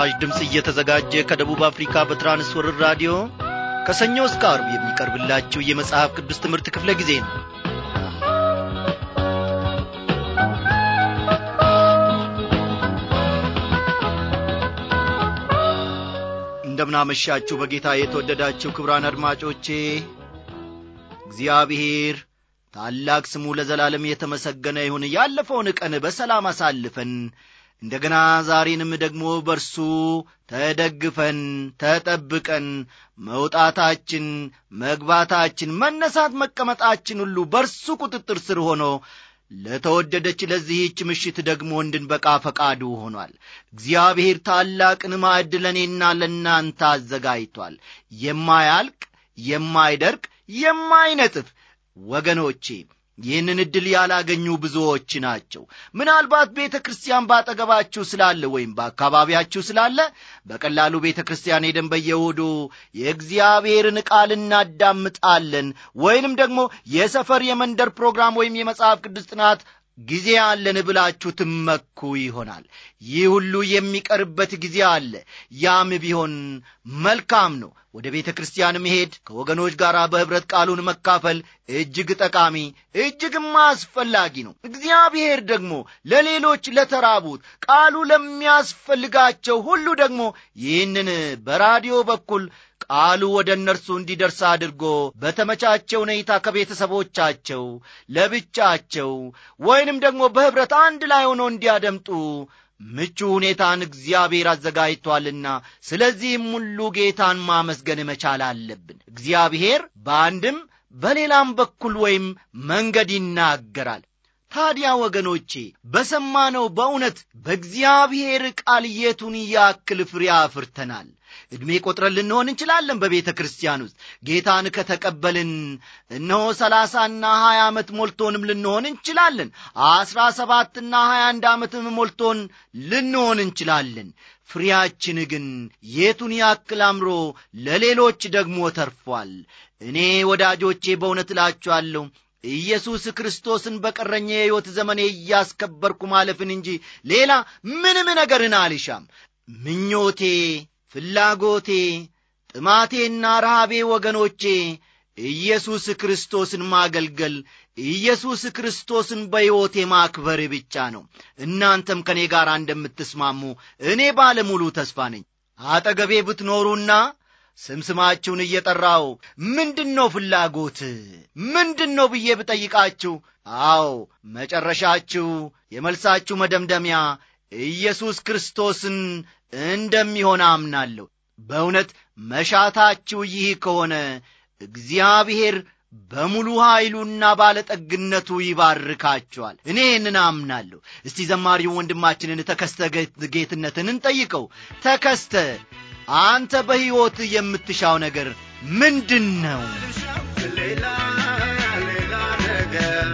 ለመስራች ድምፅ እየተዘጋጀ ከደቡብ አፍሪካ በትራንስወርር ራዲዮ ከሰኞ እስከ አርብ የሚቀርብላችሁ የመጽሐፍ ቅዱስ ትምህርት ክፍለ ጊዜ ነው እንደምናመሻችሁ በጌታ የተወደዳችሁ ክብራን አድማጮቼ እግዚአብሔር ታላቅ ስሙ ለዘላለም የተመሰገነ ይሁን ያለፈውን ቀን በሰላም አሳልፈን እንደገና ዛሬንም ደግሞ በርሱ ተደግፈን ተጠብቀን መውጣታችን፣ መግባታችን፣ መነሳት፣ መቀመጣችን ሁሉ በርሱ ቁጥጥር ስር ሆኖ ለተወደደች ለዚህች ምሽት ደግሞ እንድንበቃ ፈቃዱ ሆኗል። እግዚአብሔር ታላቅን ማዕድ ለእኔና ለእናንተ አዘጋጅቷል። የማያልቅ የማይደርቅ የማይነጥፍ ወገኖቼ ይህንን ዕድል ያላገኙ ብዙዎች ናቸው። ምናልባት ቤተ ክርስቲያን ባጠገባችሁ ስላለ ወይም በአካባቢያችሁ ስላለ በቀላሉ ቤተ ክርስቲያን ሄደን በየእሁዱ የእግዚአብሔርን ቃል እናዳምጣለን ወይንም ደግሞ የሰፈር የመንደር ፕሮግራም ወይም የመጽሐፍ ቅዱስ ጥናት ጊዜ አለን ብላችሁ ትመኩ ይሆናል። ይህ ሁሉ የሚቀርበት ጊዜ አለ። ያም ቢሆን መልካም ነው። ወደ ቤተ ክርስቲያን መሄድ፣ ከወገኖች ጋር በኅብረት ቃሉን መካፈል እጅግ ጠቃሚ እጅግም አስፈላጊ ነው። እግዚአብሔር ደግሞ ለሌሎች ለተራቡት፣ ቃሉ ለሚያስፈልጋቸው ሁሉ ደግሞ ይህንን በራዲዮ በኩል ቃሉ ወደ እነርሱ እንዲደርስ አድርጎ በተመቻቸ ሁኔታ ከቤተሰቦቻቸው ለብቻቸው ወይንም ደግሞ በኅብረት አንድ ላይ ሆኖ እንዲያደምጡ ምቹ ሁኔታን እግዚአብሔር አዘጋጅቷልና ስለዚህም ሁሉ ጌታን ማመስገን መቻል አለብን። እግዚአብሔር በአንድም በሌላም በኩል ወይም መንገድ ይናገራል። ታዲያ ወገኖቼ በሰማነው በእውነት በእግዚአብሔር ቃል የቱን ያክል ፍሬ አፍርተናል? ዕድሜ ቆጥረን ልንሆን እንችላለን በቤተ ክርስቲያን ውስጥ ጌታን ከተቀበልን እነሆ ሰላሳና ሀያ ዓመት ሞልቶንም ልንሆን እንችላለን አስራ ሰባትና ሀያ አንድ ዓመትም ሞልቶን ልንሆን እንችላለን ፍሬያችን ግን የቱን ያክል አምሮ ለሌሎች ደግሞ ተርፏል እኔ ወዳጆቼ በእውነት እላችኋለሁ ኢየሱስ ክርስቶስን በቀረኝ የሕይወት ዘመኔ እያስከበርኩ ማለፍን እንጂ ሌላ ምንም ነገርን አልሻም ምኞቴ ፍላጎቴ፣ ጥማቴና ረሃቤ ወገኖቼ ኢየሱስ ክርስቶስን ማገልገል ኢየሱስ ክርስቶስን በሕይወቴ ማክበር ብቻ ነው። እናንተም ከእኔ ጋር እንደምትስማሙ እኔ ባለሙሉ ተስፋ ነኝ። አጠገቤ ብትኖሩና ስምስማችሁን እየጠራው ምንድን ነው ፍላጎት ምንድን ነው ብዬ ብጠይቃችሁ፣ አዎ መጨረሻችሁ የመልሳችሁ መደምደሚያ ኢየሱስ ክርስቶስን እንደሚሆን አምናለሁ። በእውነት መሻታችሁ ይህ ከሆነ እግዚአብሔር በሙሉ ኀይሉና ባለጠግነቱ ይባርካቸዋል። እኔ ይህንን አምናለሁ። እስቲ ዘማሪው ወንድማችንን ተከስተ ጌትነትን እንጠይቀው። ተከስተ፣ አንተ በሕይወት የምትሻው ነገር ምንድን ነው? ሌላ ሌላ ነገር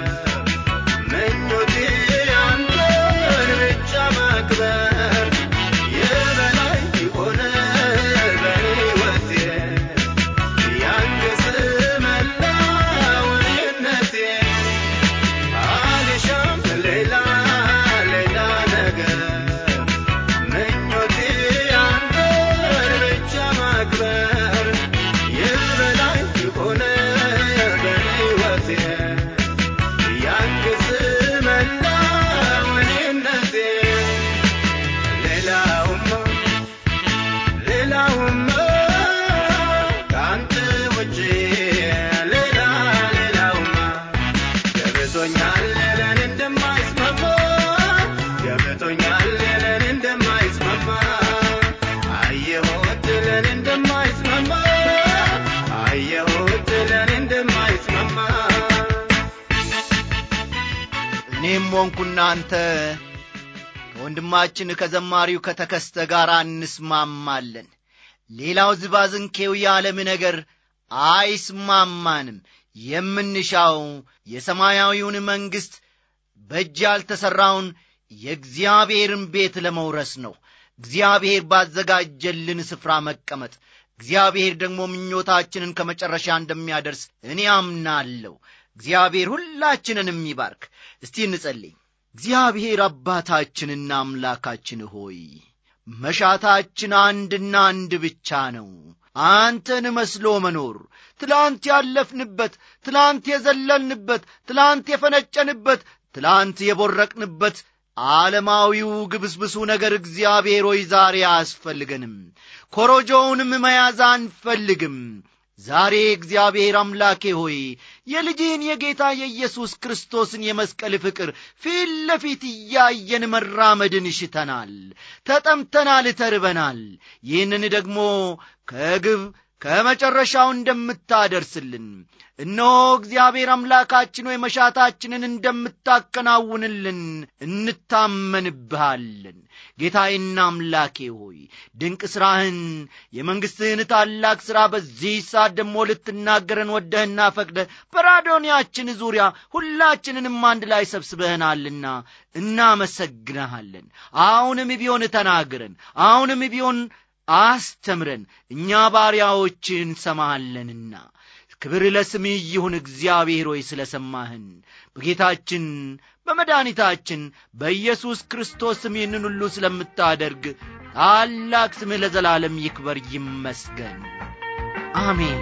እኔም ሆንኩ እናንተ ከወንድማችን ከዘማሪው ከተከስተ ጋር እንስማማለን። ሌላው ዝባዝንኬው የዓለም ነገር አይስማማንም። የምንሻው የሰማያዊውን መንግሥት በእጅ ያልተሠራውን የእግዚአብሔርን ቤት ለመውረስ ነው። እግዚአብሔር ባዘጋጀልን ስፍራ መቀመጥ እግዚአብሔር ደግሞ ምኞታችንን ከመጨረሻ እንደሚያደርስ እኔ አምናለሁ። እግዚአብሔር ሁላችንንም ይባርክ። እስቲ እንጸልይ። እግዚአብሔር አባታችንና አምላካችን ሆይ መሻታችን አንድና አንድ ብቻ ነው፣ አንተን መስሎ መኖር። ትላንት ያለፍንበት፣ ትላንት የዘለልንበት፣ ትላንት የፈነጨንበት፣ ትላንት የቦረቅንበት ዓለማዊው ግብስብሱ ነገር እግዚአብሔር ሆይ ዛሬ አያስፈልገንም። ኮሮጆውንም መያዝ አንፈልግም። ዛሬ እግዚአብሔር አምላኬ ሆይ የልጅህን የጌታ የኢየሱስ ክርስቶስን የመስቀል ፍቅር ፊት ለፊት እያየን መራመድን ሽተናል፣ ተጠምተናል፣ ተርበናል። ይህንን ደግሞ ከግብ ከመጨረሻው እንደምታደርስልን እነሆ እግዚአብሔር አምላካችን ወይ መሻታችንን እንደምታከናውንልን እንታመንብሃለን። ጌታዬና አምላኬ ሆይ ድንቅ ሥራህን፣ የመንግሥትህን ታላቅ ሥራ በዚህ ሳት ደሞ ልትናገረን ወደህና ፈቅደ በራዶንያችን ዙሪያ ሁላችንንም አንድ ላይ ሰብስበህናልና እናመሰግነሃለን አሁንም ቢሆን ተናግረን፣ አሁንም ቢሆን አስተምረን፣ እኛ ባሪያዎችህ እንሰማሃለንና ክብር ለስምህ ይሁን እግዚአብሔር ሆይ ስለ ሰማህን። በጌታችን በመድኃኒታችን በኢየሱስ ክርስቶስ ስም ይህንን ሁሉ ስለምታደርግ ታላቅ ስምህ ለዘላለም ይክበር ይመስገን። አሜን።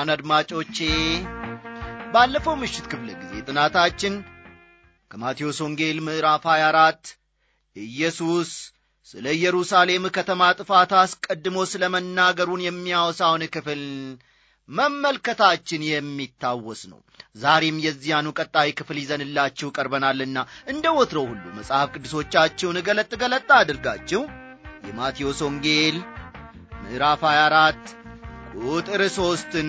ክቡራን አድማጮቼ ባለፈው ምሽት ክፍለ ጊዜ ጥናታችን ከማቴዎስ ወንጌል ምዕራፍ 24 ኢየሱስ ስለ ኢየሩሳሌም ከተማ ጥፋት አስቀድሞ ስለ መናገሩን የሚያወሳውን ክፍል መመልከታችን የሚታወስ ነው። ዛሬም የዚያኑ ቀጣይ ክፍል ይዘንላችሁ ቀርበናልና እንደ ወትሮ ሁሉ መጽሐፍ ቅዱሶቻችሁን ገለጥ ገለጥ አድርጋችሁ የማቴዎስ ወንጌል ምዕራፍ 24 ቁጥር ሦስትን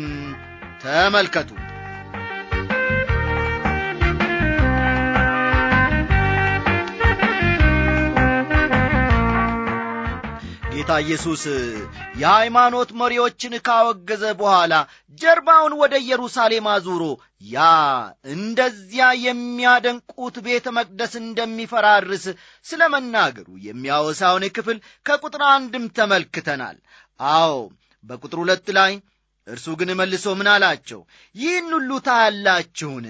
ተመልከቱ ጌታ ኢየሱስ የሃይማኖት መሪዎችን ካወገዘ በኋላ ጀርባውን ወደ ኢየሩሳሌም አዙሮ ያ እንደዚያ የሚያደንቁት ቤተ መቅደስ እንደሚፈራርስ ስለ መናገሩ የሚያወሳውን ክፍል ከቁጥር አንድም ተመልክተናል። አዎ በቁጥር ሁለት ላይ እርሱ ግን መልሶ ምን አላቸው? ይህን ሁሉ ታያላችሁን?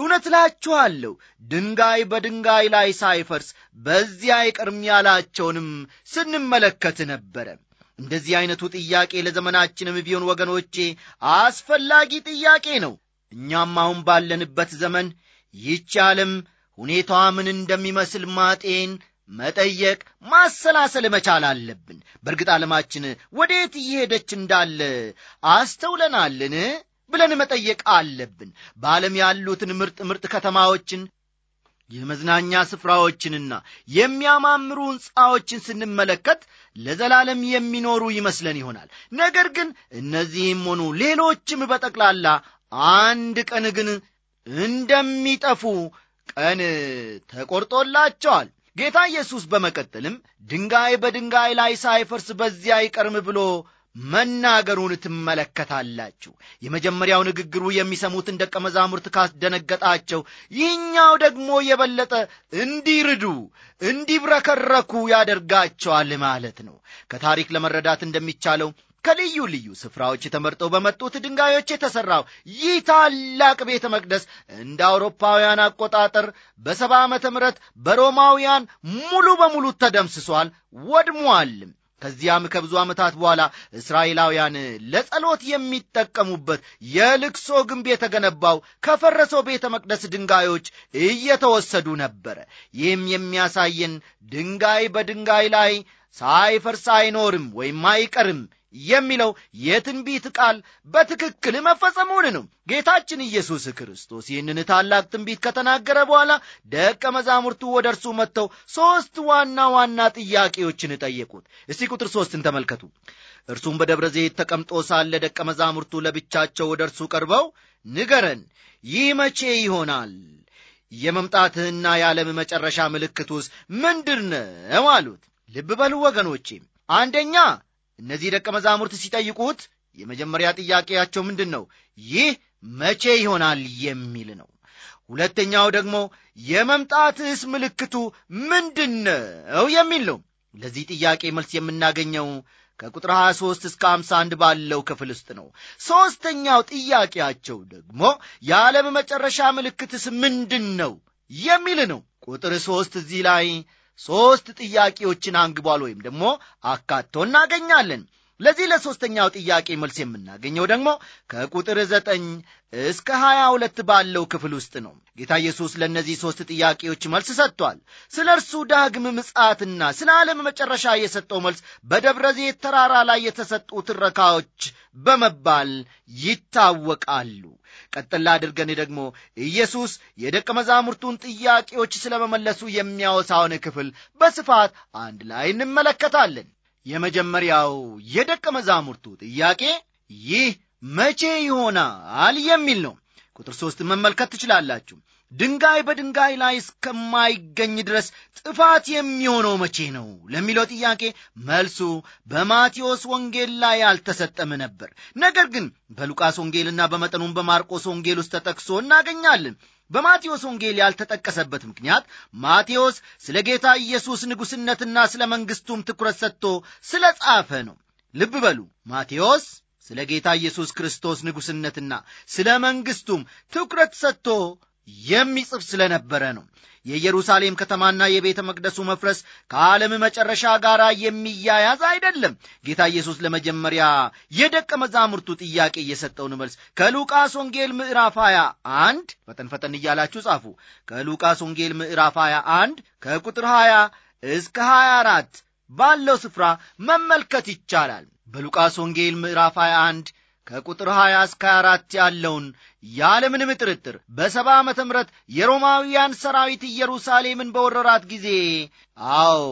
እውነት እላችኋለሁ ድንጋይ በድንጋይ ላይ ሳይፈርስ በዚያ አይቀርም ያላቸውንም ስንመለከት ነበረ። እንደዚህ ዐይነቱ ጥያቄ ለዘመናችንም ቢሆን ወገኖቼ አስፈላጊ ጥያቄ ነው። እኛም አሁን ባለንበት ዘመን ይህች ዓለም ሁኔታዋ ምን እንደሚመስል ማጤን መጠየቅ፣ ማሰላሰል መቻል አለብን። በእርግጥ ዓለማችን ወዴት እየሄደች እንዳለ አስተውለናልን ብለን መጠየቅ አለብን። በዓለም ያሉትን ምርጥ ምርጥ ከተማዎችን የመዝናኛ ስፍራዎችንና የሚያማምሩ ሕንፃዎችን ስንመለከት ለዘላለም የሚኖሩ ይመስለን ይሆናል። ነገር ግን እነዚህም ሆኑ ሌሎችም በጠቅላላ አንድ ቀን ግን እንደሚጠፉ ቀን ተቆርጦላቸዋል። ጌታ ኢየሱስ በመቀጠልም ድንጋይ በድንጋይ ላይ ሳይፈርስ በዚያ አይቀርም ብሎ መናገሩን ትመለከታላችሁ። የመጀመሪያው ንግግሩ የሚሰሙትን ደቀ መዛሙርት ካስደነገጣቸው፣ ይህኛው ደግሞ የበለጠ እንዲርዱ እንዲብረከረኩ ያደርጋቸዋል ማለት ነው። ከታሪክ ለመረዳት እንደሚቻለው ከልዩ ልዩ ስፍራዎች ተመርጠው በመጡት ድንጋዮች የተሠራው ይህ ታላቅ ቤተ መቅደስ እንደ አውሮፓውያን አቆጣጠር በሰባ ዓመተ ምህረት በሮማውያን ሙሉ በሙሉ ተደምስሷል፣ ወድሟልም። ከዚያም ከብዙ ዓመታት በኋላ እስራኤላውያን ለጸሎት የሚጠቀሙበት የልቅሶ ግንብ የተገነባው ከፈረሰው ቤተ መቅደስ ድንጋዮች እየተወሰዱ ነበረ። ይህም የሚያሳየን ድንጋይ በድንጋይ ላይ ሳይፈርስ አይኖርም ወይም አይቀርም የሚለው የትንቢት ቃል በትክክል መፈጸሙን ነው። ጌታችን ኢየሱስ ክርስቶስ ይህንን ታላቅ ትንቢት ከተናገረ በኋላ ደቀ መዛሙርቱ ወደ እርሱ መጥተው ሦስት ዋና ዋና ጥያቄዎችን ጠየቁት። እስቲ ቁጥር ሦስትን ተመልከቱ። እርሱም በደብረ ዘይት ተቀምጦ ሳለ ደቀ መዛሙርቱ ለብቻቸው ወደ እርሱ ቀርበው ንገረን፣ ይህ መቼ ይሆናል? የመምጣትህና የዓለም መጨረሻ ምልክቱስ ምንድር ነው? አሉት። ልብ በሉ ወገኖቼ አንደኛ እነዚህ ደቀ መዛሙርት ሲጠይቁት የመጀመሪያ ጥያቄያቸው ምንድን ነው? ይህ መቼ ይሆናል የሚል ነው። ሁለተኛው ደግሞ የመምጣትስ ምልክቱ ምንድን ነው የሚል ነው። ለዚህ ጥያቄ መልስ የምናገኘው ከቁጥር 23 እስከ 51 ባለው ክፍል ውስጥ ነው። ሦስተኛው ጥያቄያቸው ደግሞ የዓለም መጨረሻ ምልክትስ ምንድን ነው የሚል ነው። ቁጥር ሦስት እዚህ ላይ ሦስት ጥያቄዎችን አንግቧል ወይም ደግሞ አካቶ እናገኛለን ለዚህ ለሦስተኛው ጥያቄ መልስ የምናገኘው ደግሞ ከቁጥር ዘጠኝ እስከ ሀያ ሁለት ባለው ክፍል ውስጥ ነው። ጌታ ኢየሱስ ለእነዚህ ሦስት ጥያቄዎች መልስ ሰጥቷል። ስለ እርሱ ዳግም ምጽአትና ስለ ዓለም መጨረሻ የሰጠው መልስ በደብረ ዘይት ተራራ ላይ የተሰጡ ትረካዎች በመባል ይታወቃሉ። ቀጥል አድርገን ደግሞ ኢየሱስ የደቀ መዛሙርቱን ጥያቄዎች ስለ መመለሱ የሚያወሳውን ክፍል በስፋት አንድ ላይ እንመለከታለን። የመጀመሪያው የደቀ መዛሙርቱ ጥያቄ ይህ መቼ ይሆናል የሚል ነው ቁጥር ሦስት መመልከት ትችላላችሁ ድንጋይ በድንጋይ ላይ እስከማይገኝ ድረስ ጥፋት የሚሆነው መቼ ነው ለሚለው ጥያቄ መልሱ በማቴዎስ ወንጌል ላይ አልተሰጠም ነበር። ነገር ግን በሉቃስ ወንጌልና በመጠኑም በማርቆስ ወንጌል ውስጥ ተጠቅሶ እናገኛለን። በማቴዎስ ወንጌል ያልተጠቀሰበት ምክንያት ማቴዎስ ስለ ጌታ ኢየሱስ ንጉሥነትና ስለ መንግሥቱም ትኩረት ሰጥቶ ስለ ጻፈ ነው። ልብ በሉ ማቴዎስ ስለ ጌታ ኢየሱስ ክርስቶስ ንጉሥነትና ስለ መንግሥቱም ትኩረት ሰጥቶ የሚጽፍ ስለነበረ ነው። የኢየሩሳሌም ከተማና የቤተ መቅደሱ መፍረስ ከዓለም መጨረሻ ጋር የሚያያዝ አይደለም። ጌታ ኢየሱስ ለመጀመሪያ የደቀ መዛሙርቱ ጥያቄ የሰጠውን መልስ ከሉቃስ ወንጌል ምዕራፍ 21 ፈጠን ፈጠን እያላችሁ ጻፉ። ከሉቃስ ወንጌል ምዕራፍ 21 ከቁጥር 20 እስከ 24 ባለው ስፍራ መመልከት ይቻላል። በሉቃስ ወንጌል ምዕራፍ 21 ከቁጥር 20 እስከ 24 ያለውን ያለምንም ጥርጥር በሰባ ዓመተ ምረት የሮማውያን ሰራዊት ኢየሩሳሌምን በወረራት ጊዜ አዎ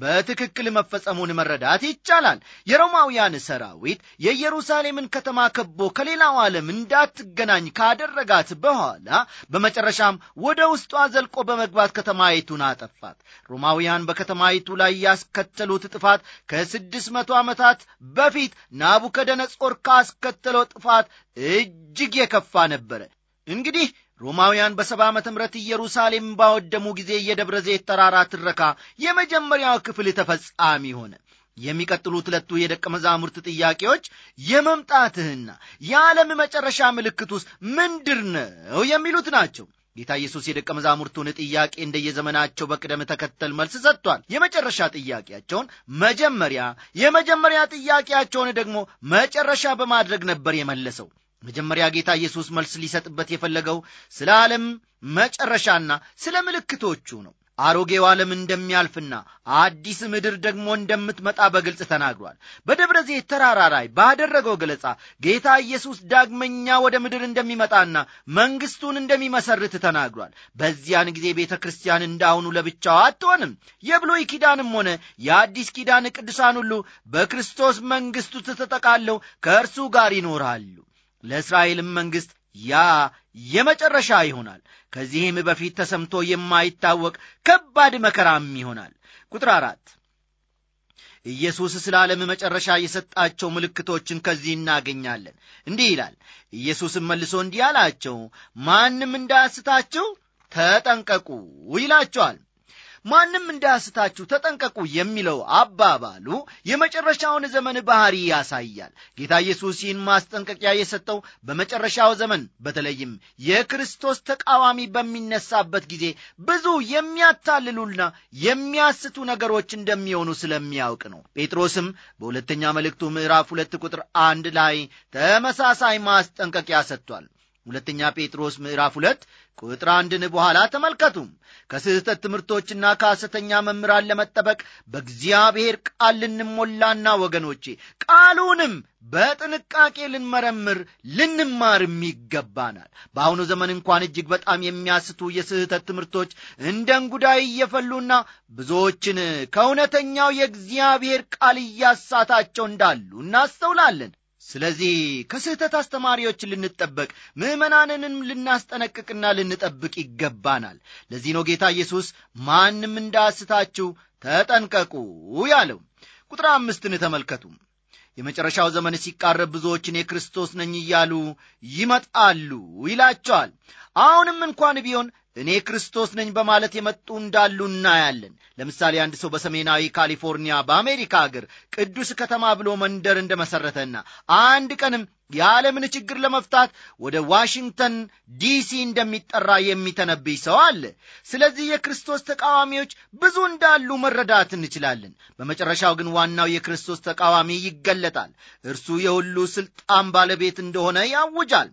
በትክክል መፈጸሙን መረዳት ይቻላል። የሮማውያን ሰራዊት የኢየሩሳሌምን ከተማ ከቦ ከሌላው ዓለም እንዳትገናኝ ካደረጋት በኋላ በመጨረሻም ወደ ውስጧ ዘልቆ በመግባት ከተማይቱን አጠፋት። ሮማውያን በከተማይቱ ላይ ያስከተሉት ጥፋት ከስድስት መቶ ዓመታት በፊት ናቡከደነጾር ካስከተለው ጥፋት እጅግ የከፋ ነበረ። እንግዲህ ሮማውያን በሰባ ዓመተ ምረት ኢየሩሳሌም ባወደሙ ጊዜ የደብረ ዘይት ተራራ ትረካ የመጀመሪያው ክፍል ተፈጻሚ ሆነ። የሚቀጥሉት ሁለቱ የደቀ መዛሙርት ጥያቄዎች የመምጣትህና የዓለም መጨረሻ ምልክት ውስጥ ምንድር ነው የሚሉት ናቸው። ጌታ ኢየሱስ የደቀ መዛሙርቱን ጥያቄ እንደየዘመናቸው በቅደም ተከተል መልስ ሰጥቷል። የመጨረሻ ጥያቄያቸውን መጀመሪያ፣ የመጀመሪያ ጥያቄያቸውን ደግሞ መጨረሻ በማድረግ ነበር የመለሰው። መጀመሪያ ጌታ ኢየሱስ መልስ ሊሰጥበት የፈለገው ስለ ዓለም መጨረሻና ስለ ምልክቶቹ ነው። አሮጌው ዓለም እንደሚያልፍና አዲስ ምድር ደግሞ እንደምትመጣ በግልጽ ተናግሯል። በደብረ ዘይት ተራራ ላይ ባደረገው ገለጻ ጌታ ኢየሱስ ዳግመኛ ወደ ምድር እንደሚመጣና መንግሥቱን እንደሚመሰርት ተናግሯል። በዚያን ጊዜ ቤተ ክርስቲያን እንዳሁኑ ለብቻው አትሆንም። የብሉይ ኪዳንም ሆነ የአዲስ ኪዳን ቅዱሳን ሁሉ በክርስቶስ መንግሥቱ ተጠቃለው ከእርሱ ጋር ይኖራሉ። ለእስራኤልም መንግሥት ያ የመጨረሻ ይሆናል። ከዚህም በፊት ተሰምቶ የማይታወቅ ከባድ መከራም ይሆናል። ቁጥር አራት ኢየሱስ ስለ ዓለም መጨረሻ የሰጣቸው ምልክቶችን ከዚህ እናገኛለን። እንዲህ ይላል። ኢየሱስም መልሶ እንዲህ አላቸው፣ ማንም እንዳያስታችሁ ተጠንቀቁ ይላቸዋል። ማንም እንዳያስታችሁ ተጠንቀቁ የሚለው አባባሉ የመጨረሻውን ዘመን ባህሪ ያሳያል። ጌታ ኢየሱስ ይህን ማስጠንቀቂያ የሰጠው በመጨረሻው ዘመን በተለይም የክርስቶስ ተቃዋሚ በሚነሳበት ጊዜ ብዙ የሚያታልሉና የሚያስቱ ነገሮች እንደሚሆኑ ስለሚያውቅ ነው። ጴጥሮስም በሁለተኛ መልእክቱ ምዕራፍ ሁለት ቁጥር አንድ ላይ ተመሳሳይ ማስጠንቀቂያ ሰጥቷል። ሁለተኛ ጴጥሮስ ምዕራፍ ሁለት ቁጥር አንድን በኋላ ተመልከቱም ከስህተት ትምህርቶችና ከሐሰተኛ መምህራን ለመጠበቅ በእግዚአብሔር ቃል ልንሞላና ወገኖቼ ቃሉንም በጥንቃቄ ልንመረምር ልንማርም ይገባናል። በአሁኑ ዘመን እንኳን እጅግ በጣም የሚያስቱ የስህተት ትምህርቶች እንደ እንጉዳይ እየፈሉና ብዙዎችን ከእውነተኛው የእግዚአብሔር ቃል እያሳታቸው እንዳሉ እናስተውላለን። ስለዚህ ከስህተት አስተማሪዎች ልንጠበቅ ምዕመናንንም ልናስጠነቅቅና ልንጠብቅ ይገባናል። ለዚህ ነው ጌታ ኢየሱስ ማንም እንዳስታችሁ ተጠንቀቁ ያለው። ቁጥር አምስትን ተመልከቱ። የመጨረሻው ዘመን ሲቃረብ ብዙዎችን የክርስቶስ ነኝ እያሉ ይመጣሉ ይላቸዋል። አሁንም እንኳን ቢሆን እኔ ክርስቶስ ነኝ በማለት የመጡ እንዳሉ እናያለን። ለምሳሌ አንድ ሰው በሰሜናዊ ካሊፎርኒያ በአሜሪካ አገር ቅዱስ ከተማ ብሎ መንደር እንደ መሠረተና አንድ ቀንም የዓለምን ችግር ለመፍታት ወደ ዋሽንግተን ዲሲ እንደሚጠራ የሚተነብይ ሰው አለ። ስለዚህ የክርስቶስ ተቃዋሚዎች ብዙ እንዳሉ መረዳት እንችላለን። በመጨረሻው ግን ዋናው የክርስቶስ ተቃዋሚ ይገለጣል። እርሱ የሁሉ ስልጣን ባለቤት እንደሆነ ያውጃል።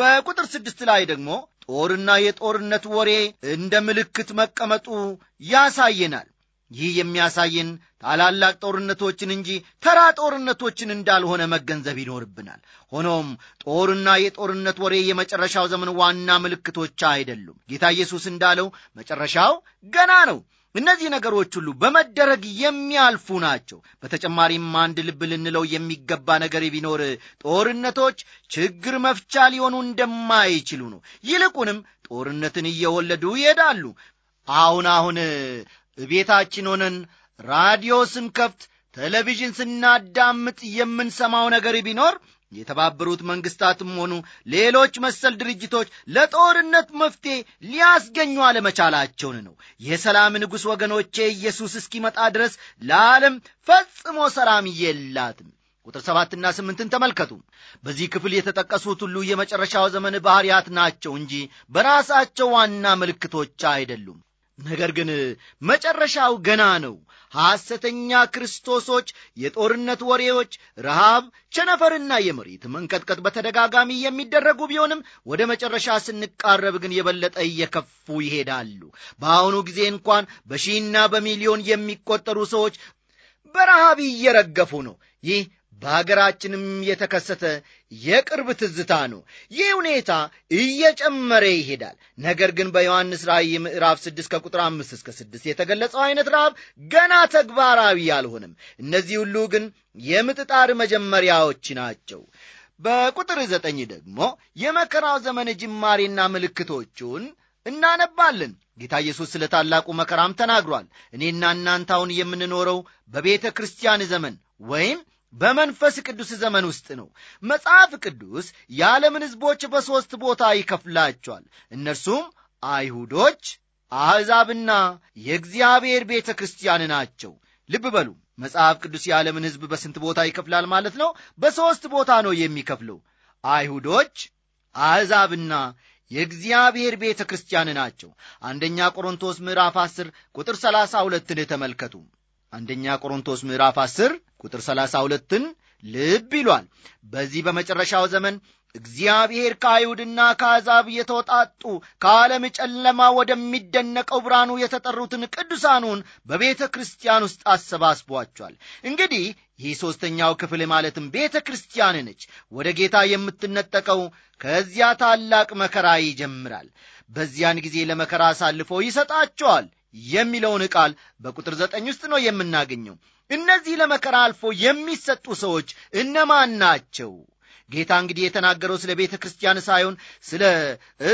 በቁጥር ስድስት ላይ ደግሞ ጦርና የጦርነት ወሬ እንደ ምልክት መቀመጡ ያሳየናል። ይህ የሚያሳየን ታላላቅ ጦርነቶችን እንጂ ተራ ጦርነቶችን እንዳልሆነ መገንዘብ ይኖርብናል። ሆኖም ጦርና የጦርነት ወሬ የመጨረሻው ዘመን ዋና ምልክቶች አይደሉም። ጌታ ኢየሱስ እንዳለው መጨረሻው ገና ነው። እነዚህ ነገሮች ሁሉ በመደረግ የሚያልፉ ናቸው። በተጨማሪም አንድ ልብ ልንለው የሚገባ ነገር ቢኖር ጦርነቶች ችግር መፍቻ ሊሆኑ እንደማይችሉ ነው። ይልቁንም ጦርነትን እየወለዱ ይሄዳሉ። አሁን አሁን ቤታችን ሆነን ራዲዮ ስንከፍት፣ ቴሌቪዥን ስናዳምጥ የምንሰማው ነገር ቢኖር የተባበሩት መንግሥታትም ሆኑ ሌሎች መሰል ድርጅቶች ለጦርነት መፍትሄ ሊያስገኙ አለመቻላቸውን ነው። የሰላም ንጉሥ ወገኖቼ ኢየሱስ እስኪመጣ ድረስ ለዓለም ፈጽሞ ሰላም የላትም። ቁጥር ሰባትና ስምንትን ተመልከቱ። በዚህ ክፍል የተጠቀሱት ሁሉ የመጨረሻው ዘመን ባሕርያት ናቸው እንጂ በራሳቸው ዋና ምልክቶች አይደሉም። ነገር ግን መጨረሻው ገና ነው። ሐሰተኛ ክርስቶሶች፣ የጦርነት ወሬዎች፣ ረሃብ፣ ቸነፈርና የመሬት መንቀጥቀጥ በተደጋጋሚ የሚደረጉ ቢሆንም ወደ መጨረሻ ስንቃረብ ግን የበለጠ እየከፉ ይሄዳሉ። በአሁኑ ጊዜ እንኳን በሺና በሚሊዮን የሚቆጠሩ ሰዎች በረሃብ እየረገፉ ነው። ይህ በሀገራችንም የተከሰተ የቅርብ ትዝታ ነው። ይህ ሁኔታ እየጨመረ ይሄዳል። ነገር ግን በዮሐንስ ራእይ ምዕራፍ 6 ከቁጥር 5 እስከ 6 የተገለጸው አይነት ረሃብ ገና ተግባራዊ አልሆነም። እነዚህ ሁሉ ግን የምጥጣር መጀመሪያዎች ናቸው። በቁጥር ዘጠኝ ደግሞ የመከራው ዘመን ጅማሬና ምልክቶቹን እናነባለን። ጌታ ኢየሱስ ስለ ታላቁ መከራም ተናግሯል። እኔና እናንተ አሁን የምንኖረው በቤተ ክርስቲያን ዘመን ወይም በመንፈስ ቅዱስ ዘመን ውስጥ ነው። መጽሐፍ ቅዱስ የዓለምን ሕዝቦች በሦስት ቦታ ይከፍላቸዋል። እነርሱም አይሁዶች፣ አሕዛብና የእግዚአብሔር ቤተ ክርስቲያን ናቸው። ልብ በሉ መጽሐፍ ቅዱስ የዓለምን ሕዝብ በስንት ቦታ ይከፍላል ማለት ነው? በሦስት ቦታ ነው የሚከፍለው። አይሁዶች፣ አሕዛብና የእግዚአብሔር ቤተ ክርስቲያን ናቸው። አንደኛ ቆሮንቶስ ምዕራፍ 10 ቁጥር 32ን ተመልከቱ። አንደኛ ቆሮንቶስ ምዕራፍ 10 ቁጥር 32ን ልብ ይሏል። በዚህ በመጨረሻው ዘመን እግዚአብሔር ከአይሁድና ከአሕዛብ የተወጣጡ ከዓለም ጨለማ ወደሚደነቀው ብርሃኑ የተጠሩትን ቅዱሳኑን በቤተ ክርስቲያን ውስጥ አሰባስቧቸዋል። እንግዲህ ይህ ሦስተኛው ክፍል ማለትም ቤተ ክርስቲያን ነች። ወደ ጌታ የምትነጠቀው ከዚያ ታላቅ መከራ ይጀምራል። በዚያን ጊዜ ለመከራ አሳልፎ ይሰጣቸዋል የሚለውን ቃል በቁጥር ዘጠኝ ውስጥ ነው የምናገኘው። እነዚህ ለመከራ አልፎ የሚሰጡ ሰዎች እነማን ናቸው? ጌታ እንግዲህ የተናገረው ስለ ቤተ ክርስቲያን ሳይሆን ስለ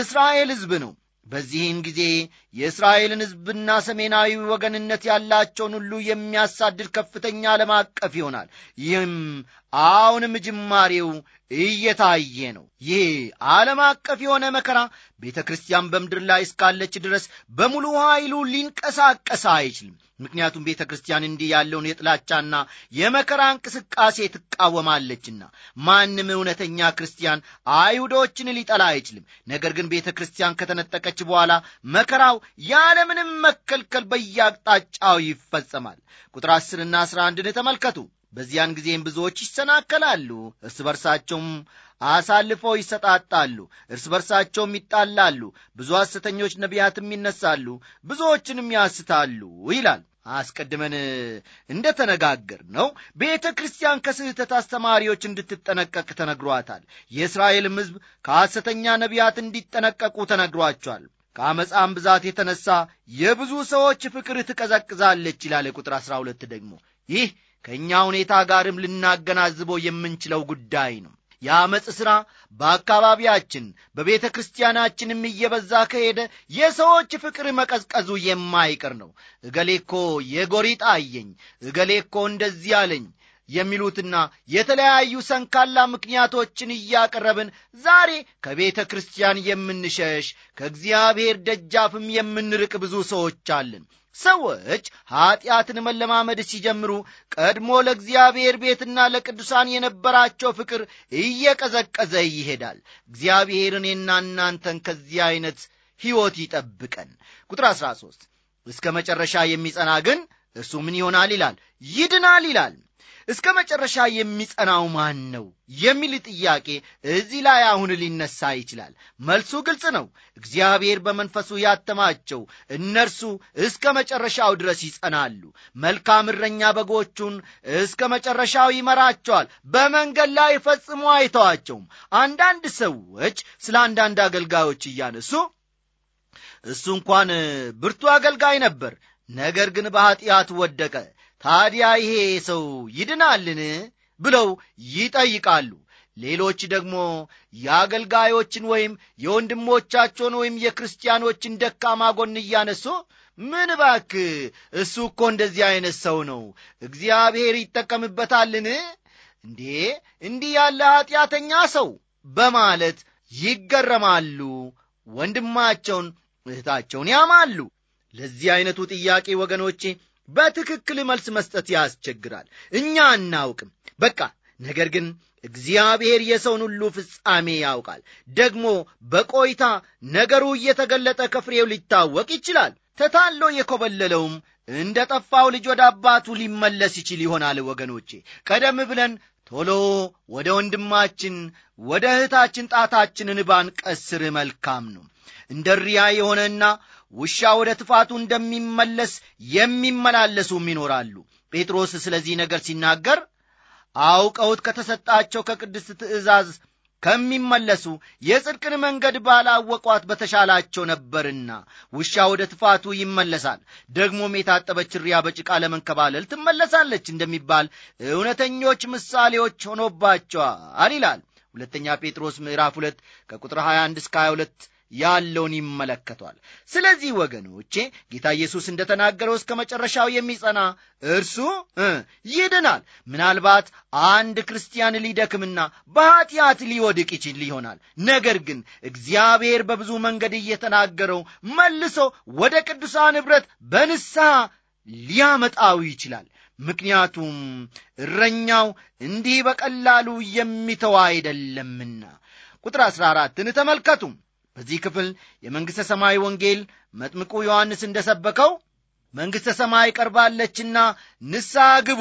እስራኤል ሕዝብ ነው። በዚህን ጊዜ የእስራኤልን ሕዝብና ሰሜናዊ ወገንነት ያላቸውን ሁሉ የሚያሳድድ ከፍተኛ ዓለም አቀፍ ይሆናል። ይህም አሁንም ጅማሬው እየታየ ነው። ይህ ዓለም አቀፍ የሆነ መከራ ቤተ ክርስቲያን በምድር ላይ እስካለች ድረስ በሙሉ ኃይሉ ሊንቀሳቀስ አይችልም። ምክንያቱም ቤተ ክርስቲያን እንዲህ ያለውን የጥላቻና የመከራ እንቅስቃሴ ትቃወማለችና ማንም እውነተኛ ክርስቲያን አይሁዶችን ሊጠላ አይችልም። ነገር ግን ቤተ ክርስቲያን ከተነጠቀች በኋላ መከራ ሥራው ያለምንም መከልከል በያቅጣጫው ይፈጸማል። ቁጥር ዐሥርና ዐሥራ አንድን ተመልከቱ። በዚያን ጊዜም ብዙዎች ይሰናከላሉ፣ እርስ በርሳቸውም አሳልፈው ይሰጣጣሉ፣ እርስ በርሳቸውም ይጣላሉ። ብዙ ሐሰተኞች ነቢያትም ይነሳሉ፣ ብዙዎችንም ያስታሉ ይላል። አስቀድመን እንደ ተነጋገር ነው ቤተ ክርስቲያን ከስህተት አስተማሪዎች እንድትጠነቀቅ ተነግሯታል። የእስራኤልም ሕዝብ ከሐሰተኛ ነቢያት እንዲጠነቀቁ ተነግሯቸዋል። ከአመፃም ብዛት የተነሳ የብዙ ሰዎች ፍቅር ትቀዘቅዛለች ይላለ ቁጥር 12 ደግሞ ይህ ከእኛ ሁኔታ ጋርም ልናገናዝበው የምንችለው ጉዳይ ነው። የአመፅ ሥራ በአካባቢያችን በቤተ ክርስቲያናችንም እየበዛ ከሄደ የሰዎች ፍቅር መቀዝቀዙ የማይቀር ነው። እገሌኮ የጎሪጣ አየኝ፣ እገሌኮ እንደዚህ አለኝ፣ የሚሉትና የተለያዩ ሰንካላ ምክንያቶችን እያቀረብን ዛሬ ከቤተ ክርስቲያን የምንሸሽ ከእግዚአብሔር ደጃፍም የምንርቅ ብዙ ሰዎች አለን። ሰዎች ኀጢአትን መለማመድ ሲጀምሩ ቀድሞ ለእግዚአብሔር ቤትና ለቅዱሳን የነበራቸው ፍቅር እየቀዘቀዘ ይሄዳል። እግዚአብሔር እኔና እናንተን ከዚህ ዐይነት ሕይወት ይጠብቀን። ቁጥር 13 እስከ መጨረሻ የሚጸና ግን እርሱ ምን ይሆናል ይላል? ይድናል ይላል። እስከ መጨረሻ የሚጸናው ማን ነው የሚል ጥያቄ እዚህ ላይ አሁን ሊነሳ ይችላል። መልሱ ግልጽ ነው። እግዚአብሔር በመንፈሱ ያተማቸው እነርሱ እስከ መጨረሻው ድረስ ይጸናሉ። መልካም እረኛ በጎቹን እስከ መጨረሻው ይመራቸዋል። በመንገድ ላይ ፈጽሞ አይተዋቸውም። አንዳንድ ሰዎች ስለ አንዳንድ አገልጋዮች እያነሱ እሱ እንኳን ብርቱ አገልጋይ ነበር፣ ነገር ግን በኀጢአት ወደቀ ታዲያ ይሄ ሰው ይድናልን ብለው ይጠይቃሉ። ሌሎች ደግሞ የአገልጋዮችን ወይም የወንድሞቻቸውን ወይም የክርስቲያኖችን ደካማ ጎን እያነሱ ምን ባክ እሱ እኮ እንደዚህ አይነት ሰው ነው፣ እግዚአብሔር ይጠቀምበታልን እንዴ እንዲህ ያለ ኀጢአተኛ ሰው በማለት ይገረማሉ። ወንድማቸውን እህታቸውን ያማሉ። ለዚህ አይነቱ ጥያቄ ወገኖቼ በትክክል መልስ መስጠት ያስቸግራል። እኛ አናውቅም በቃ ነገር ግን እግዚአብሔር የሰውን ሁሉ ፍጻሜ ያውቃል። ደግሞ በቆይታ ነገሩ እየተገለጠ ከፍሬው ሊታወቅ ይችላል። ተታሎ የኮበለለውም እንደ ጠፋው ልጅ ወደ አባቱ ሊመለስ ይችል ይሆናል። ወገኖቼ ቀደም ብለን ቶሎ ወደ ወንድማችን ወደ እህታችን ጣታችንን ባንቀስር መልካም ነው። እንደ ሪያ የሆነና ውሻ ወደ ትፋቱ እንደሚመለስ የሚመላለሱም ይኖራሉ። ጴጥሮስ ስለዚህ ነገር ሲናገር አውቀውት ከተሰጣቸው ከቅድስት ትእዛዝ ከሚመለሱ የጽድቅን መንገድ ባላወቋት በተሻላቸው ነበርና ውሻ ወደ ትፋቱ ይመለሳል፣ ደግሞም የታጠበች ሪያ በጭቃ ለመንከባለል ትመለሳለች እንደሚባል እውነተኞች ምሳሌዎች ሆኖባቸዋል ይላል ሁለተኛ ጴጥሮስ ምዕራፍ 2 ከቁጥር 21 እስከ 22 ያለውን ይመለከቷል። ስለዚህ ወገኖቼ ጌታ ኢየሱስ እንደተናገረው እስከ መጨረሻው የሚጸና እርሱ ይድናል። ምናልባት አንድ ክርስቲያን ሊደክምና በኃጢአት ሊወድቅ ይችል ይሆናል። ነገር ግን እግዚአብሔር በብዙ መንገድ እየተናገረው መልሶ ወደ ቅዱሳን ኅብረት በንስሐ ሊያመጣው ይችላል። ምክንያቱም እረኛው እንዲህ በቀላሉ የሚተው አይደለምና። ቁጥር 14 ተመልከቱም በዚህ ክፍል የመንግሥተ ሰማይ ወንጌል መጥምቁ ዮሐንስ እንደ ሰበከው መንግሥተ ሰማይ ቀርባለችና ንሳ ግቡ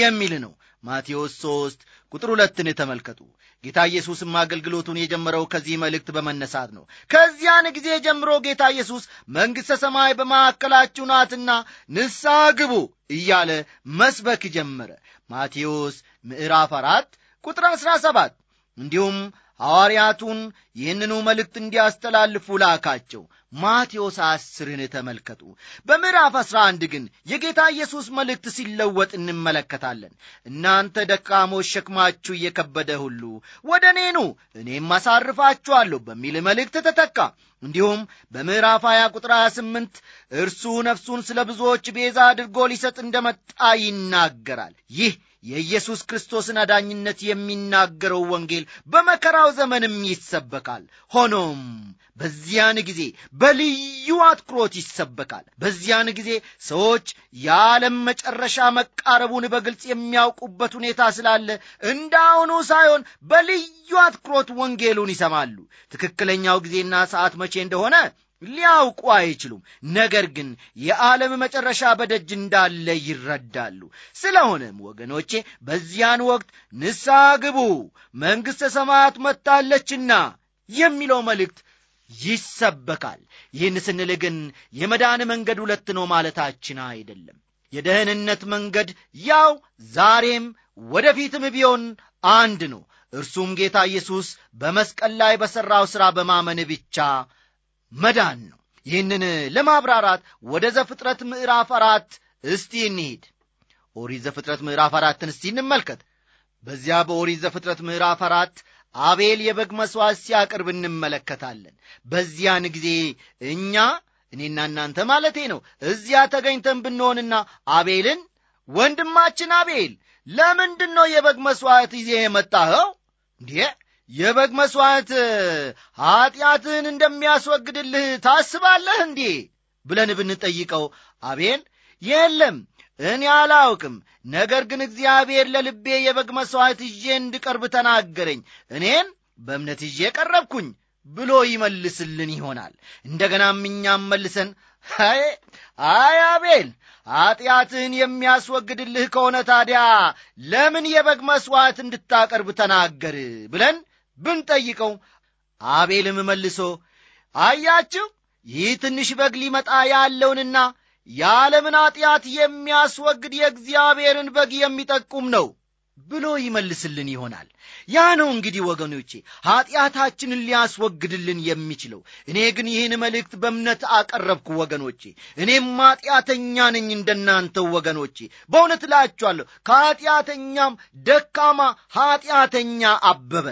የሚል ነው። ማቴዎስ 3 ቁጥር ሁለትን የተመልከጡ ጌታ ኢየሱስም አገልግሎቱን የጀመረው ከዚህ መልእክት በመነሳት ነው። ከዚያን ጊዜ ጀምሮ ጌታ ኢየሱስ መንግሥተ ሰማይ በማዕከላችሁ ናትና ንስሐ ግቡ እያለ መስበክ ጀመረ። ማቴዎስ ምዕራፍ 4 ቁጥር 17 እንዲሁም ሐዋርያቱን ይህንኑ መልእክት እንዲያስተላልፉ ላካቸው። ማቴዎስ አስርን ተመልከቱ። በምዕራፍ አሥራ አንድ ግን የጌታ ኢየሱስ መልእክት ሲለወጥ እንመለከታለን። እናንተ ደካሞች ሸክማችሁ እየከበደ ሁሉ ወደ እኔ ኑ እኔም አሳርፋችኋለሁ በሚል መልእክት ተተካ። እንዲሁም በምዕራፍ 20 ቁጥር 28 እርሱ ነፍሱን ስለ ብዙዎች ቤዛ አድርጎ ሊሰጥ እንደመጣ ይናገራል። ይህ የኢየሱስ ክርስቶስን አዳኝነት የሚናገረው ወንጌል በመከራው ዘመንም ይሰበካል። ሆኖም በዚያን ጊዜ በልዩ አትኩሮት ይሰበካል። በዚያን ጊዜ ሰዎች የዓለም መጨረሻ መቃረቡን በግልጽ የሚያውቁበት ሁኔታ ስላለ እንዳሁኑ ሳይሆን በልዩ አትኩሮት ወንጌሉን ይሰማሉ። ትክክለኛው ጊዜና ሰዓት መቼ እንደሆነ ሊያውቁ አይችሉም። ነገር ግን የዓለም መጨረሻ በደጅ እንዳለ ይረዳሉ። ስለሆነም ወገኖቼ በዚያን ወቅት ንስሐ ግቡ፣ መንግሥተ ሰማያት መጥታለችና የሚለው መልእክት ይሰበካል። ይህን ስንል ግን የመዳን መንገድ ሁለት ነው ማለታችን አይደለም። የደህንነት መንገድ ያው ዛሬም ወደፊትም ቢሆን አንድ ነው። እርሱም ጌታ ኢየሱስ በመስቀል ላይ በሠራው ሥራ በማመን ብቻ መዳን ነው። ይህንን ለማብራራት ወደ ዘፍጥረት ምዕራፍ አራት እስቲ እንሂድ። ኦሪት ዘፍጥረት ምዕራፍ አራትን እስቲ እንመልከት። በዚያ በኦሪት ዘፍጥረት ምዕራፍ አራት አቤል የበግ መሥዋዕት ሲያቀርብ እንመለከታለን። በዚያን ጊዜ እኛ እኔና እናንተ ማለቴ ነው እዚያ ተገኝተን ብንሆንና አቤልን ወንድማችን አቤል ለምንድን ነው የበግ መሥዋዕት ይዜ የመጣኸው እንዲህ የበግ መሥዋዕት ኀጢአትህን እንደሚያስወግድልህ ታስባለህ እንዴ ብለን ብንጠይቀው አቤን የለም እኔ አላውቅም፣ ነገር ግን እግዚአብሔር ለልቤ የበግ መሥዋዕት ይዤ እንድቀርብ ተናገረኝ፣ እኔም በእምነት ይዤ ቀረብኩኝ ብሎ ይመልስልን ይሆናል። እንደገናም እኛም መልሰን አይ አይ አቤል ኀጢአትህን የሚያስወግድልህ ከሆነ ታዲያ ለምን የበግ መሥዋዕት እንድታቀርብ ተናገር ብለን ብንጠይቀው አቤልም መልሶ አያችሁ ይህ ትንሽ በግ ሊመጣ ያለውንና የዓለምን አጢአት የሚያስወግድ የእግዚአብሔርን በግ የሚጠቁም ነው ብሎ ይመልስልን ይሆናል። ያ ነው እንግዲህ ወገኖቼ ኀጢአታችንን ሊያስወግድልን የሚችለው። እኔ ግን ይህን መልእክት በእምነት አቀረብኩ ወገኖቼ። እኔም ኀጢአተኛ ነኝ እንደናንተው ወገኖቼ። በእውነት እላችኋለሁ ከኀጢአተኛም ደካማ ኀጢአተኛ አበበ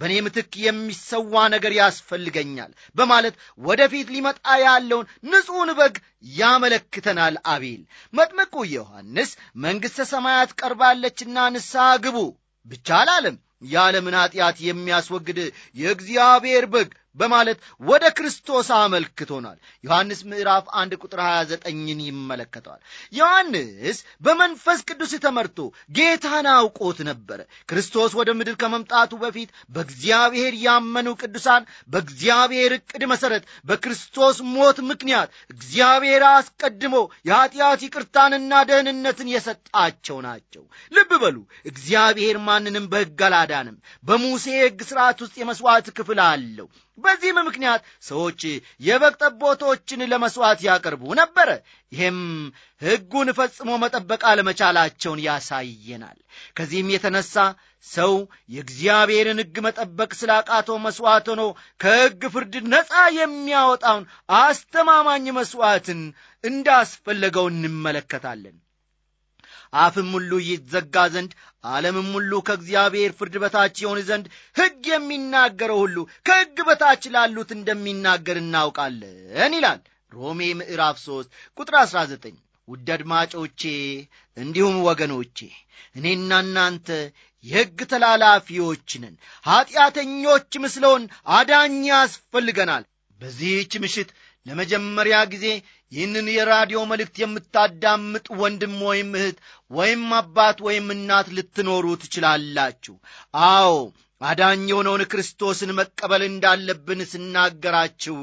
በእኔ ምትክ የሚሰዋ ነገር ያስፈልገኛል በማለት ወደፊት ሊመጣ ያለውን ንጹሕን በግ ያመለክተናል አቤል። መጥምቁ ዮሐንስ መንግሥተ ሰማያት ቀርባለችና ንስሐ ግቡ ብቻ አላለም። የዓለምን ኀጢአት የሚያስወግድ የእግዚአብሔር በግ በማለት ወደ ክርስቶስ አመልክቶናል። ዮሐንስ ምዕራፍ 1 ቁጥር 29ን ይመለከተዋል። ዮሐንስ በመንፈስ ቅዱስ ተመርቶ ጌታን አውቆት ነበረ። ክርስቶስ ወደ ምድር ከመምጣቱ በፊት በእግዚአብሔር ያመኑ ቅዱሳን በእግዚአብሔር ዕቅድ መሠረት በክርስቶስ ሞት ምክንያት እግዚአብሔር አስቀድሞ የኀጢአት ይቅርታንና ደህንነትን የሰጣቸው ናቸው። ልብ በሉ፣ እግዚአብሔር ማንንም በሕግ አላዳንም። በሙሴ ሕግ ሥርዓት ውስጥ የመሥዋዕት ክፍል አለው። በዚህም ምክንያት ሰዎች የበግ ጠቦቶችን ለመሥዋዕት ያቀርቡ ነበረ። ይህም ሕጉን ፈጽሞ መጠበቅ አለመቻላቸውን ያሳየናል። ከዚህም የተነሳ ሰው የእግዚአብሔርን ሕግ መጠበቅ ስላቃቶ መሥዋዕት ሆኖ ከሕግ ፍርድ ነፃ የሚያወጣውን አስተማማኝ መሥዋዕትን እንዳስፈለገው እንመለከታለን። አፍም ሁሉ ይዘጋ ዘንድ ዓለምም ሁሉ ከእግዚአብሔር ፍርድ በታች ይሆን ዘንድ ሕግ የሚናገረው ሁሉ ከሕግ በታች ላሉት እንደሚናገር እናውቃለን ይላል ሮሜ ምዕራፍ 3 ቁጥር 19 ውድ አድማጮቼ እንዲሁም ወገኖቼ እኔና እናንተ የሕግ ተላላፊዎች ነን ኀጢአተኞች ምስለውን አዳኝ ያስፈልገናል በዚህች ምሽት ለመጀመሪያ ጊዜ ይህንን የራዲዮ መልእክት የምታዳምጥ ወንድም ወይም እህት ወይም አባት ወይም እናት ልትኖሩ ትችላላችሁ። አዎ አዳኝ የሆነውን ክርስቶስን መቀበል እንዳለብን ስናገራችሁ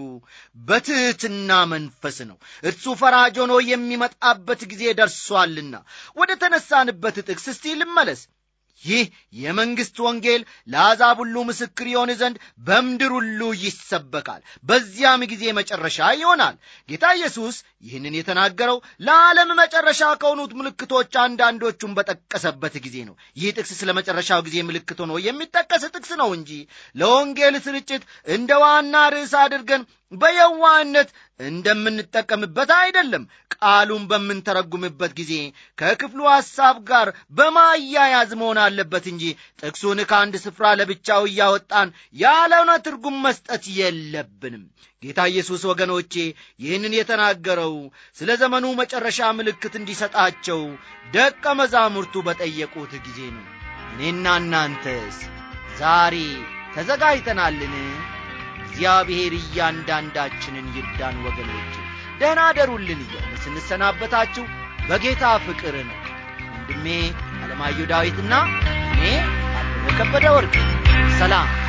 በትሕትና መንፈስ ነው። እርሱ ፈራጅ ሆኖ የሚመጣበት ጊዜ ደርሷልና። ወደ ተነሳንበት ጥቅስ እስቲ ልመለስ። ይህ የመንግሥት ወንጌል ለአዛብ ሁሉ ምስክር ይሆን ዘንድ በምድር ሁሉ ይሰበካል፣ በዚያም ጊዜ መጨረሻ ይሆናል። ጌታ ኢየሱስ ይህንን የተናገረው ለዓለም መጨረሻ ከሆኑት ምልክቶች አንዳንዶቹን በጠቀሰበት ጊዜ ነው። ይህ ጥቅስ ስለ መጨረሻው ጊዜ ምልክት ሆኖ የሚጠቀስ ጥቅስ ነው እንጂ ለወንጌል ስርጭት እንደ ዋና ርዕስ አድርገን በየዋህነት እንደምንጠቀምበት አይደለም። ቃሉን በምንተረጉምበት ጊዜ ከክፍሉ ሐሳብ ጋር በማያያዝ መሆን አለበት እንጂ ጥቅሱን ከአንድ ስፍራ ለብቻው እያወጣን ያለውነ ትርጉም መስጠት የለብንም። ጌታ ኢየሱስ ወገኖቼ ይህንን የተናገረው ስለ ዘመኑ መጨረሻ ምልክት እንዲሰጣቸው ደቀ መዛሙርቱ በጠየቁት ጊዜ ነው። እኔና እናንተስ ዛሬ ተዘጋጅተናልን? እግዚአብሔር እያንዳንዳችንን ይርዳን። ወገኖች ደህና አደሩልን እያለ ስንሰናበታችሁ በጌታ ፍቅር ነው። ወንድሜ አለማየሁ ዳዊትና እኔ አለ ከበደ ወርቅ ሰላም